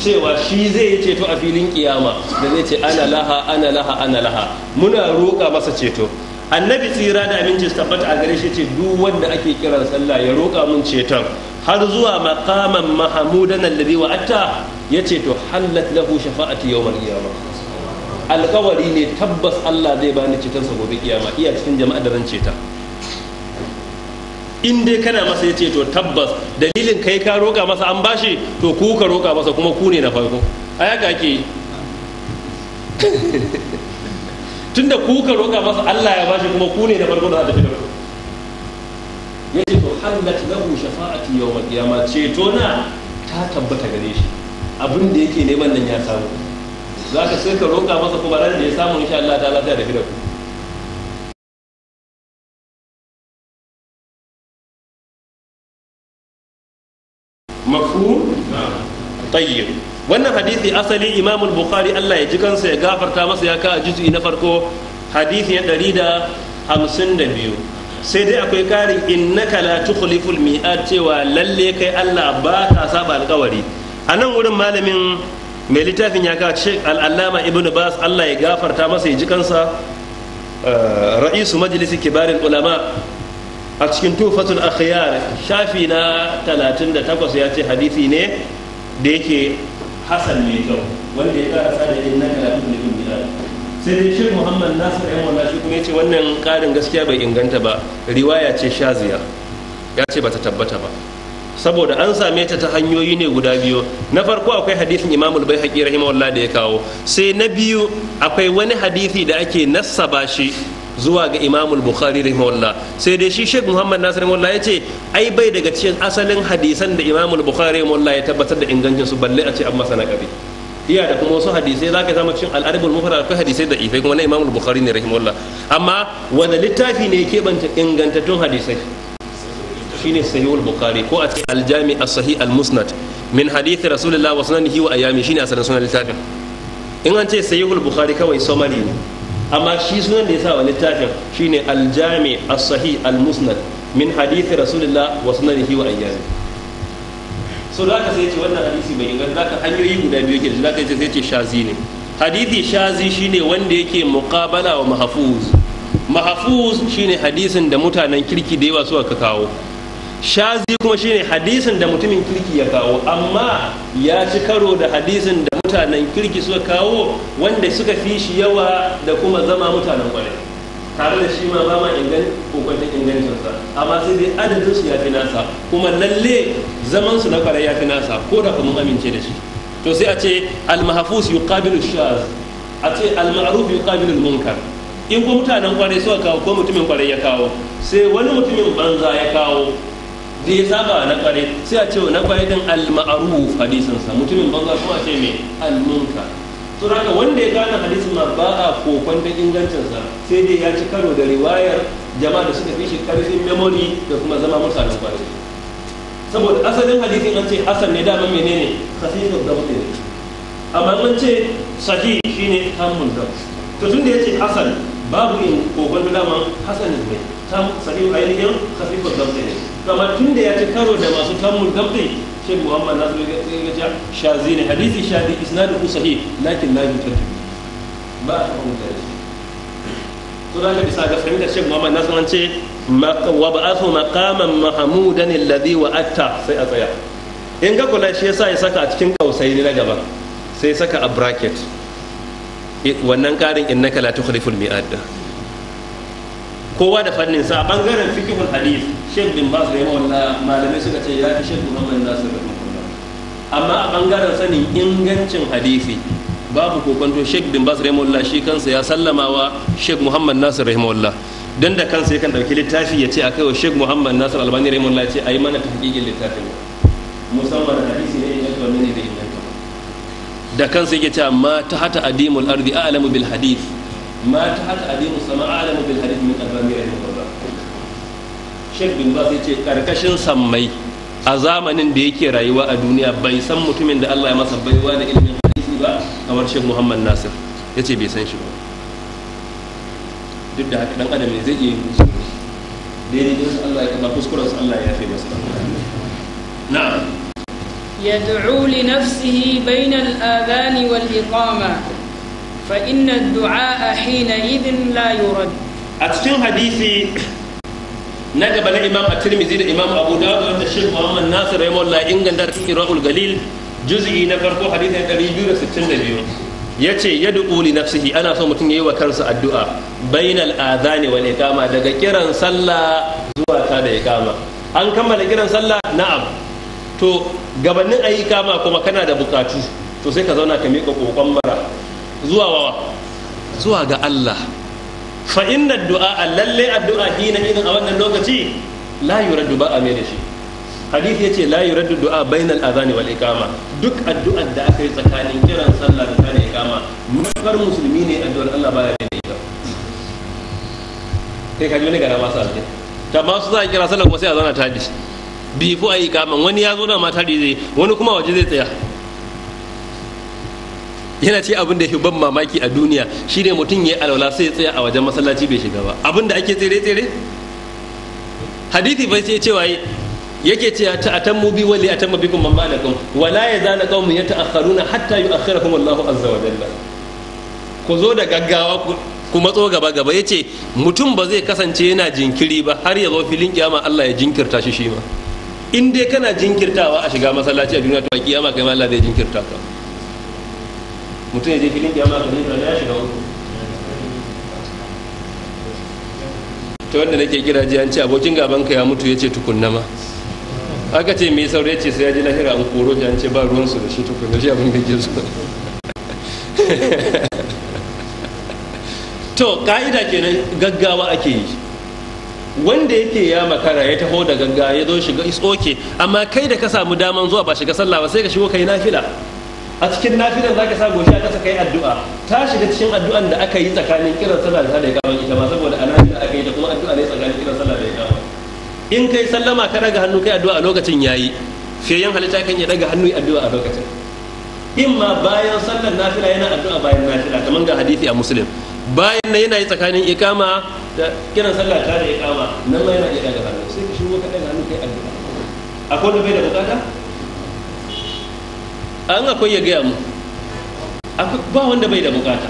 cewa shi zai ceto a filin kiyama da zai ce ana laha ana laha ana laha muna roƙa masa ceto annabi tsira da aminci tabbata a gare shi ce duk wanda ake kiran sallah ya roƙa mun ceton har zuwa maqaman mahmudan alladhi wa'atta yace to hallat lahu shafa'ati yawmal qiyamah alƙawari ne tabbas Allah zai bani ceton sa gobe kiyama iya cikin jama'a da zan ceta in dai kana masa yace to tabbas dalilin kai ka roƙa masa an bashi to ku ka roƙa masa kuma ku ne na farko Aya ga ake tunda ku ka roƙa masa Allah ya bashi kuma ku ne na farko da za ta fi ya ce to hallat lahu shafa'ati yawmal qiyama ceto na ta tabbata gare shi abin da yake neman nan ya samu za ka sai ka roƙa masa kuma ran da ya samu insha Allah ta lafiya da ku mafhum tayyib wannan hadisi asali imam bukhari Allah ya ji kansa ya gafarta masa ya ka a juz'i na farko hadisi ya 152 sai dai akwai karin innaka la tukhliful mi'ad cewa lalle kai Allah ba ka saba alƙawari a nan wurin malamin mai littafin ya kawo Sheikh al Ibn Bas Allah ya gafarta masa ya ji kansa eh, ra'isu majalisi kibarin ulama a cikin tufatul akhyar shafi na 38 ya ce hadisi ne da yake hasan mai kyau wanda ya karasa da innaka la tukhliful sai dai shi muhammad nasir yan wala shi kuma ya ce wannan karin gaskiya bai inganta ba riwaya ce shaziya ya ce ba ta tabbata ba saboda an same ta ta hanyoyi ne guda biyu na farko akwai hadisin imamul bai haƙi rahimahullah da ya kawo sai na biyu akwai wani hadisi da ake nassaba shi zuwa ga imamul bukhari rahimahullah sai dai shi sheikh muhammad nasir rahimahullah ya ce ai bai daga cikin asalin hadisan da imamul bukhari rahimahullah ya tabbatar da ingancin su balle a ce an masa na ƙabi iya da kuma wasu hadisai zaka zama cikin al'adabul mufrad akwai hadisai da ifai kuma na Imam Bukhari ne rahimahullah amma wanda littafi ne yake banta ingantattun hadisai shine sahihul bukhari ko a cikin al-jami as-sahih al-musnad min hadith rasulullah wa sunanihi wa ayami shine asalin sunan littafin in an ce sahihul bukhari kawai somali ne amma shi sunan da ya sa wa littafin shine al-jami as-sahih al-musnad min hadith rasulullah wa sunanihi wa ayami so za ka sai ce wannan hadisi mai inganta ka hanyoyi guda biyu ke da ka ce sai ce shazi ne hadisi shazi shine wanda yake muqabala wa mahfuz mahfuz shine hadisin da mutanen kirki da yawa suka kawo shazi kuma shine hadisin da mutumin kirki ya kawo amma ya ci karo da hadisin da mutanen kirki suka kawo wanda suka fi shi yawa da kuma zama mutanen kwarai tare da shi ma ba ma ingan kokwanta ingancinsa amma sai dai adadin su ya fi nasa kuma lalle zaman su na kwarai ya fi nasa ko da kuma amince da shi to sai a ce al-mahfuz yuqabilu shaz a ce al-ma'ruf yuqabilu munkar in ko mutanen kwarai suka kawo ko mutumin kwarai ya kawo sai wani mutumin banza ya kawo da ya saba na kwarai sai a ce na kwarai din al-ma'ruf hadisin sa mutumin banza kuma a ce me al-munkar to haka wanda ya gane hadisin ma ba a kokon da ingancinsa sai dai ya ci karo da riwayar jama'a da suka fi shi karfin memory da kuma zama mutanen kwarai saboda asalin hadisin an ce hasan ne daman menene khasirul dabt ne amma an ce sahih shine tamun da to tun da yace hasan babu in kokon da daman hasan ne tam sahih ayyin khasirul dabt ne amma tun da ya ci karo da masu tamun dabt shaykh muhammad nasir ya ce shazini hadisi ba a to da bisa ga muhammad ce wa sai a tsaya in ga kula shi yasa ya saka a cikin kausai na gaba sai saka a bracket wannan karin innaka la tukhliful mi'ad kowa da fannin sa bangaren fiqhul hadith Sheikh bin Baz rahimahullah malamai suka ce ya fi Sheikh Muhammad Nasir rahimahullah amma a bangaren sanin ingancin hadisi babu kokonto Sheikh bin Baz rahimahullah shi kansa ya sallama wa Sheikh Muhammad Nasir rahimahullah dan da kansa yakan dauki littafi ya ce akai wa Sheikh Muhammad Nasir Albani rahimahullah ya ce ayi mana tahqiqin littafin musamman hadisi ne ya tabbata ne da inganta da kansa yake ce amma ta hata adimul ardi a'lamu bil hadith ma ta hata adimul sama a'lamu bil hadith shek ba sai ce karkashin sammai a zamanin da yake rayuwa a duniya bai san mutumin da Allah ya masa baiwa da ilimin hadisi ba kamar shek muhammad nasir ya bai san shi ba duk da haka dan adam ne zai iya yin Allah ya kuskuren su Allah ya fi masa na'am na gaba na imam at-tirmidhi da imam abu dawud da shi muhammad nasir rahimahullah inganta rahul galil juz'i na farko da 262 ya ce yad'u li nafsihi ana so mutum yayi wa kansa addu'a bainal adhani wal iqama daga kiran sallah zuwa ta da iqama an kammala kiran sallah na'am to gabanin ayi kama kuma kana da bukatu to sai ka zauna ka miƙa kokon mara zuwa wawa zuwa ga Allah fa inna du'a lalle addu'a hina idan a wannan lokaci la yuraddu ba a mere shi hadith yace la yuraddu du'a bainal adhani wal iqama duk addu'ar da aka yi tsakanin kiran sallah da tare iqama mutakar musulmi ne addu'ar Allah baya da ita kai kaji ne ga ma ta ba su za a kira sallah kuma sai a zauna tadi fu ayi iqama wani ya zo da ma tadi zai wani kuma waje zai tsaya yana ce abin da ya ban mamaki a duniya shine mutum ya alwala sai ya tsaya a wajen masallaci bai shiga ba abin da ake tsere tsere hadithi bai sai cewa yake ce ta atammu bi wali atamma bikum man ba'dakum wala yazala qaumun yata'akharuna hatta kuma Allahu azza wa jalla ku zo da gaggawa ku ku matso gaba gaba ce mutum ba zai kasance yana jinkiri ba har ya zo filin kiyama Allah ya jinkirta shi shi ma in dai kana jinkirtawa a shiga masallaci a duniya to a kiyama kai ma Allah zai jinkirta ka mutum ya je filin kiyama ka nuna ya shiga ta wanda nake kira ji an ce abokin gaban ka ya mutu ya ce tukunna ma aka ce me saurai ce sai ya ji lahira an koro ji an ce ba ruwan su da shi tukunna shi abin da ke so to ka'ida kenan gaggawa ake yi wanda yake ya makara ya taho da gaggawa ya zo shiga is okay amma kai da ka samu daman zuwa ba shiga sallah ba sai ka shigo kai nafila a cikin nafilan ka sa goshi a ƙasa kai addu'a ta shiga cikin addu'an da aka yi tsakanin kiran sallah da da kama ita ma saboda da aka yi da kuma addu'a ne tsakanin kiran sallah da kama. in kai sallama ka daga hannu kai addu'a a lokacin yayi fiyayen halitta kan ya daga hannu addu'a a lokacin In ma bayan sallar nafila yana addu'a bayan nafila kamar ga hadisi a muslim bayan na yana yi tsakanin ikama da kiran sallah ta da ikama nan ma yana iya daga hannu sai ka shigo ka daga hannu kai addu'a akwai da bai da bukata an akwai ya gaya mu ba wanda bai da bukata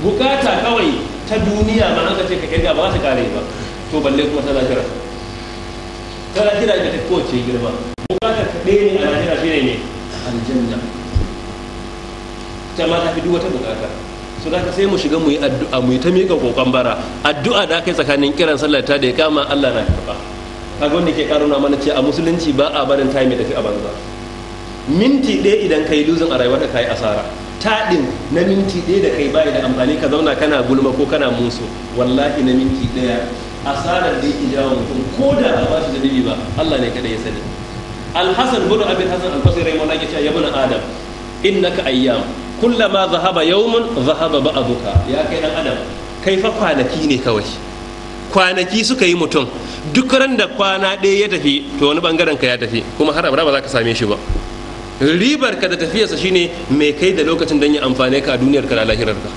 bukata kawai ta duniya ma an ka ce ka kirga ba ta kare ba to balle kuma ta lahira ta lahira ita ta kowace girma bukata ta ɗaya ne a lahira shi ne ne aljanna ta ma ta fi duk wata bukata su za ka sai mu shiga mu yi addu'a mu yi ta miƙa kokon bara addu'a da yi tsakanin kiran sallar ta da ya kama Allah na ka kaga wanda ke karuna mana ce a musulunci ba a barin time ya tafi a banza minti ɗaya idan kai duzin a rayuwar ka yi asara taɗin na minti ɗaya da kai ba da amfani ka zauna kana gulma ko kana musu wallahi na minti ɗaya asarar da yake jawo mutum ko da ba shi dalili ba Allah ne kada ya sani alhassan bin abin hassan alfasir rai wani cewa ya bani adam innaka ayyam kullama zahaba yawmun zahaba ba abuka. ya kai dan adam kai fa kwanaki ne kawai kwanaki suka yi mutum duk ran da kwana ɗaya ya tafi to wani bangaren ka ya tafi kuma har abada ba za ka same shi ba ribar ka da tafiyarsa shine mai kai da lokacin don yi amfani ka a duniyar ka da lahirar ka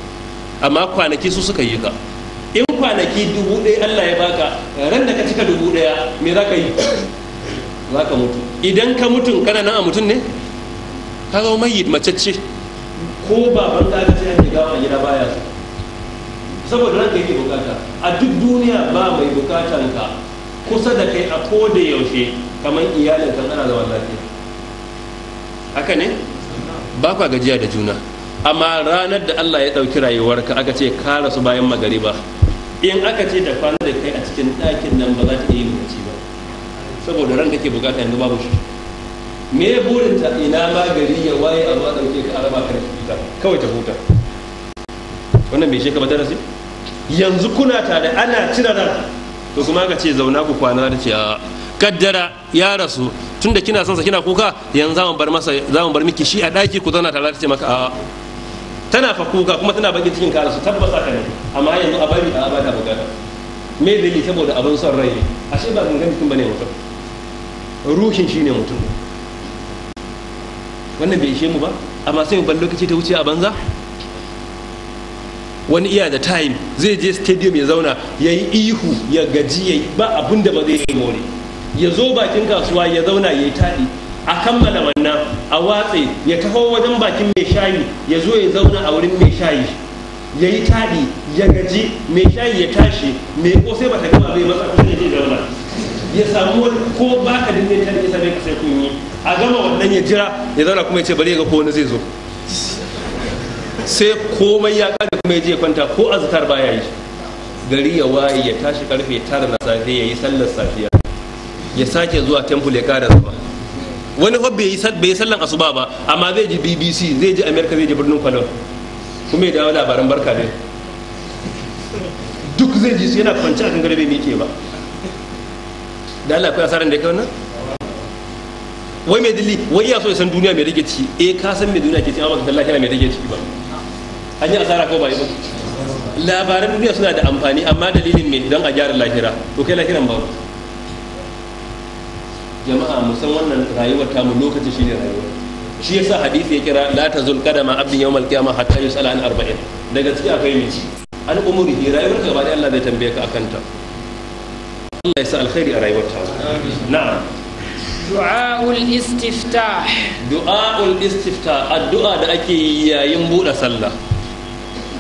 amma kwanaki su suka yi ka in kwanaki dubu ɗaya Allah ya baka ran da ka cika dubu ɗaya me za ka yi za ka mutu idan ka mutu kana nan a mutum ne ka zo mai macece ko baban ka ce ya gawa a gida baya saboda ranka yake bukata a duk duniya ba mai bukatan ka kusa da kai a koda yaushe kamar iyalin kan ana zaman lafiya haka ne ba kwa gajiya da juna amma ranar da Allah ya ɗauki rayuwarka aka ce ka rasu bayan magariba in aka ce da kwana da kai a cikin ɗakin nan ba za ta iya lokaci ba saboda ran kake bukata yanzu babu shi me burinta ina ma gari ya waye ba ɗauke ka araba ka huta kawai ta huta wannan bai shekaba darasi yanzu kuna tare ana cire ran to kuma aka ce zauna ku kwana da ce a kaddara ya rasu tunda kina son sa kina kuka yanzu zamu bar masa zamu bar miki shi a daki ku zauna tare ce maka a'a tana fa kuka kuma tana bakin cikin karasu rasu tabbata ka ne amma yanzu a bari a bada bukata me dalili saboda abin son rai ashe ba gangan mutum bane mutum ruhin shine mutum wannan bai ishe mu ba amma sai mu bar lokaci ta wuce a banza wani iya da time zai je stadium ya zauna ya yi ihu ya gaji ya ba abin da ba zai yi more ya zo bakin kasuwa ya zauna ya yi taɗi a kammala wannan a watse ya taho wajen bakin mai shayi ya zo ya zauna a wurin mai shayi ya yi taɗi ya gaji mai shayi ya tashi mai sai ba ta gama bai masa kusa ya je zauna ya samu wani ko ba ka dinne ta isa bai kasai kun yi a gama wannan ya jira ya zauna kuma ya ce bari ya ga ko wani zai zo sai komai ya kada kuma ya je kwanta ko azkar baya yi gari ya waye ya tashi karfe tara na safe ya yi sallar safiya ya sake zuwa temple ya kara zuwa wani fa bai yi sallan asuba ba amma zai ji bbc zai ji america zai ji birnin kwallon kuma ya dawo labaran barka ne duk zai ji su yana kwanci a kan garbe mike ba da Allah akwai asaran da kai wannan wai mai dilli wai ya so ya san duniya mai rage ciki eh ka san mai duniya ke ciki amma baka lafiya mai rage ciki ba an yi asara ko ba yi ba labaran duniya suna da amfani amma dalilin mai don a gyara lahira to kai lahiran ba jama'a musan wannan rayuwar mu lokaci shine rayuwa shi yasa hadisi ya kira la tazul qadama abdin yawmal qiyama hatta yusala an arba'in daga ciki akwai mici an umuri rayuwar ka bari Allah zai tambaye ka akan ta Allah ya sa alkhairi a rayuwar ta na'am du'aul istiftah du'aul istiftah addu'a da ake yi yayin buɗe sallah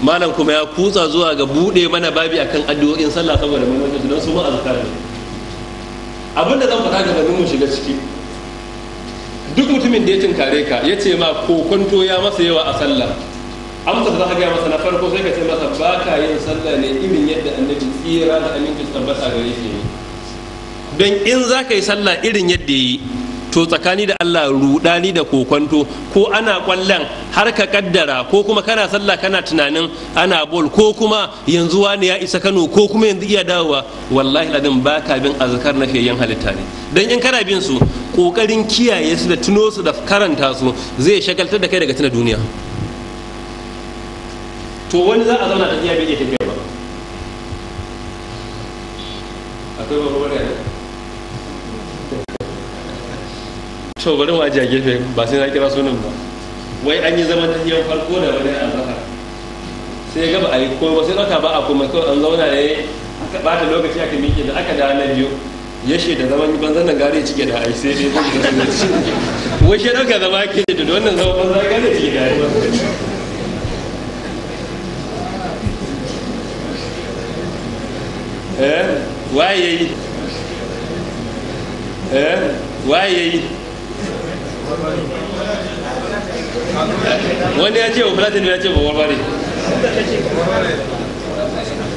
malam kuma ya kusa zuwa ga buɗe mana babi akan addu'o'in sallah saboda mun don su ma azkar ne abin da zan faɗa gabanin mu shiga ciki duk mutumin da ya tinkare ka ya ce ma kwanto ya masa yawa a sallah amsa da za ka gaya masa na farko sai ka ce masa ba ka yin sallah ne irin yadda annabi tsira da aminci tabbata gare shi ne don in za ka yi sallah irin yadda ya yi to tsakani da Allah rudani da kokwanto ko ana kwallon har ka kaddara ko kuma kana sallah kana tunanin ana bol ko kuma yanzu wani ya isa Kano ko kuma yanzu iya dawowa wallahi ladin baka bin azkar na fiyayyen halitta ne dan in kana bin su kokarin kiyaye su da tuno su da karanta su zai shagaltar da kai daga tuna duniya to wani za a zauna iya bai iya tafiya ba akwai wani wani to bari mu a gefe ba sai na kira sunan ba wai an yi zaman tahiyar farko da wani azhar sai gaba a yi ko sai ɗauka ba a kuma kawai an zauna ne aka bata lokaci aka miƙe da aka da na biyu ya da zaman banzan nan gare cike da ai sai dai zai da ci wai shi ɗauka zama ke da wannan zaman banzan gare cike da ai eh waye eh waye wani ya ce wa platin ya ce ba warware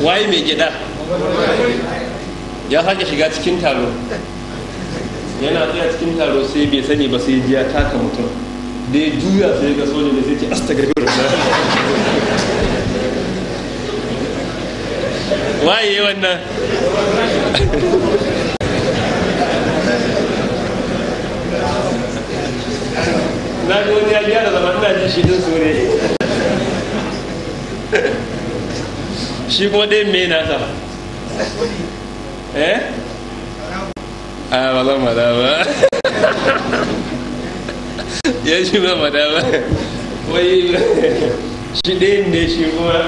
waye mai gida ya sake shiga cikin taro yana tsaya cikin taro sai bai sani ba sai jiya taka mutum da ya juya sai ga soja da sai ce astagfir waye wannan na ji wani ya gyara zama ina ji shi din sore shi kuma ɗayan me na sa eh a ah, ba zan mada ba ya shi ba mada ba wai shi ɗayan ne shi kuma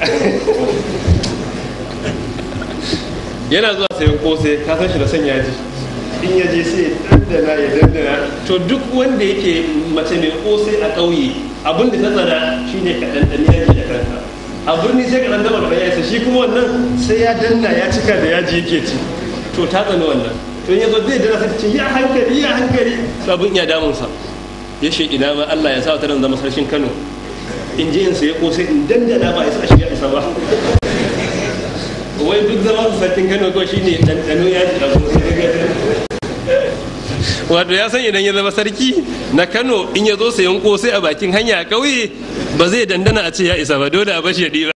yana zuwa sayan kose ka san shi da son yaji in ya je sai dandana ya dandana to duk wanda yake mace mai kosai a ƙauye abin da ta tsada shine ka dandana yaji da kanka a birni sai ka dandana da ya isa shi kuma wannan sai ya danna ya cika da yaji yake ci to ta tsani wannan to in ya zo zai dana sai ce ya hankali ya hankali sabon ya damunsa ya ce ina ma Allah ya sa ta zama sarkin Kano in je in sai kosai in dandana ba isa shi ya isa ba wai duk zama sarkin Kano ko shine dandano yaji a wato ya san idan ya zama sarki na kano in ya zo sayan kosai a bakin hanya a ƙauye ba zai dandana a ce ya isa ba dole a bashi ya ɗiba